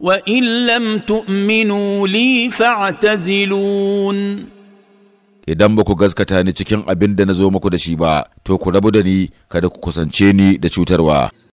وان لم تؤمنوا لي فاعتزلون idan ba ku gaskata ni cikin abin da na zo muku da shi ba to ku rabu da ni kada ku kusance ni da cutarwa